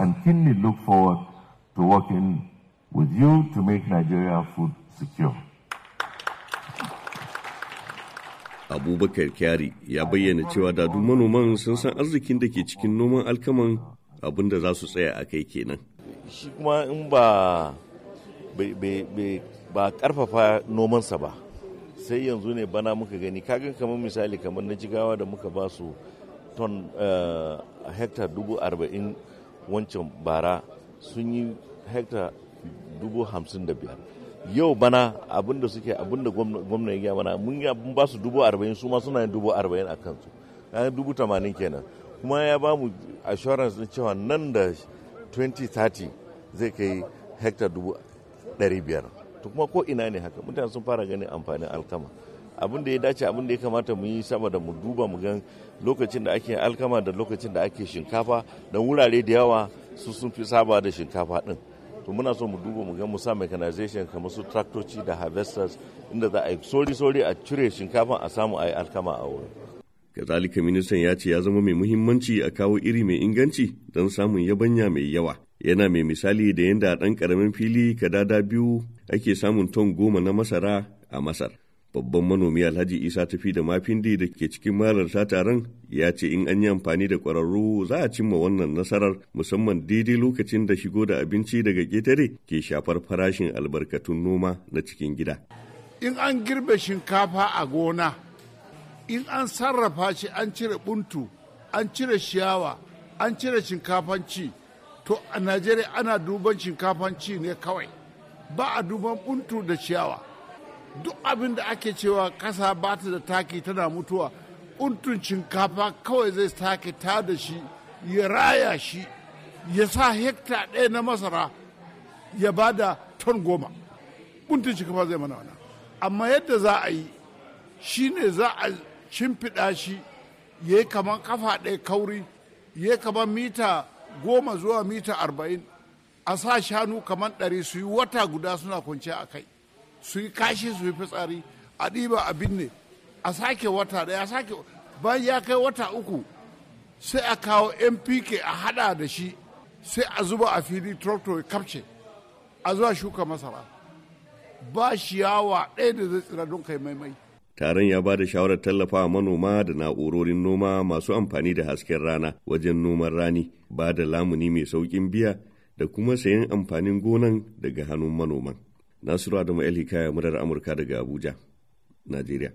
and keenly look forward to working with you to make Nigeria food secure. Abubakar Kyari ya bayyana cewa dadu manoman sun san arzikin da ke cikin noman alkaman abin da za su tsaya a kai kenan. Shi kuma in ba ba karfafa nomansa ba sai yanzu ne bana muka gani kagan kamar misali kamar na jigawa da muka ba su ton eh, hektar dubu arba'in wancan bara sun yi hekta dubu hamsin da biyar yau bana abinda suke abinda gwamna ya mana mun yi abin ba su dubu arba'in su masu suna yin dubu arba'in a kansu kayan dubu tamanin kenan kuma ya ba mu assurance na cewa nan da 2030 zai kai hekta dubu ɗari biyar to kuma ko ina ne haka mutane sun fara ganin amfanin alkama abin da ya dace abin da ya kamata mu yi sama da mu duba mu gan lokacin da ake alkama da lokacin da ake shinkafa don wurare da yawa su sun fi saba da shinkafa din to muna so mu duba mu ga mu sa mechanization kamar su traktoci da harvesters inda za a yi sori sori a cire shinkafa a samu a yi alkama a wurin kazalika ministan ya ce ya zama mai muhimmanci a kawo iri mai inganci don samun yabanya mai yawa yana mai misali da yadda a ɗan ƙaramin fili kadada biyu ake samun ton goma na masara a masar babban manomi alhaji isa tafi da mafindi da ke cikin ta taron ya ce in an yi amfani da ƙwararru za a cimma wannan nasarar musamman daidai lokacin da shigo da abinci daga ƙetare ke shafar farashin albarkatun noma na cikin gida in an girbe shinkafa a gona in an sarrafa shi an cire buntu an cire ciyawa an cire shinkafan ci to a najeriya ana duban shinkafan ci ne kawai ba a duban buntu da ciyawa duk abin da ake cewa kasa ba ta da taki tana mutuwa untun shinkafa kawai zai take ta da shi ya raya shi ya sa hekta ɗaya na masara ya ba da ton goma untun shinkafa zai mana wana amma yadda za a yi shi ne za a shimfiɗa shi ya yi kamar kafa ɗaya kauri ya yi kamar mita goma zuwa mita arba'in a sa shanu kamar ɗari su yi wata guda suna kwanciya a kai su yi kashi su yi fitsari a ɗiba a binne a sake wata ɗaya sake bayan ya kai wata uku sai a kawo mpk a hada da shi sai a zuba a fili tractor ya kapce a zuwa shuka masara ba shi yawa ɗaya da zai tsira don kai maimai taron ya ba da shawarar tallafawa manoma da na'urorin noma masu amfani da hasken rana wajen noman rani ba da lamuni mai sauƙin biya da kuma sayan amfanin gonan daga hannun manoman Nasiru Adamu Elhikaya murar Amurka daga Abuja, Najeriya.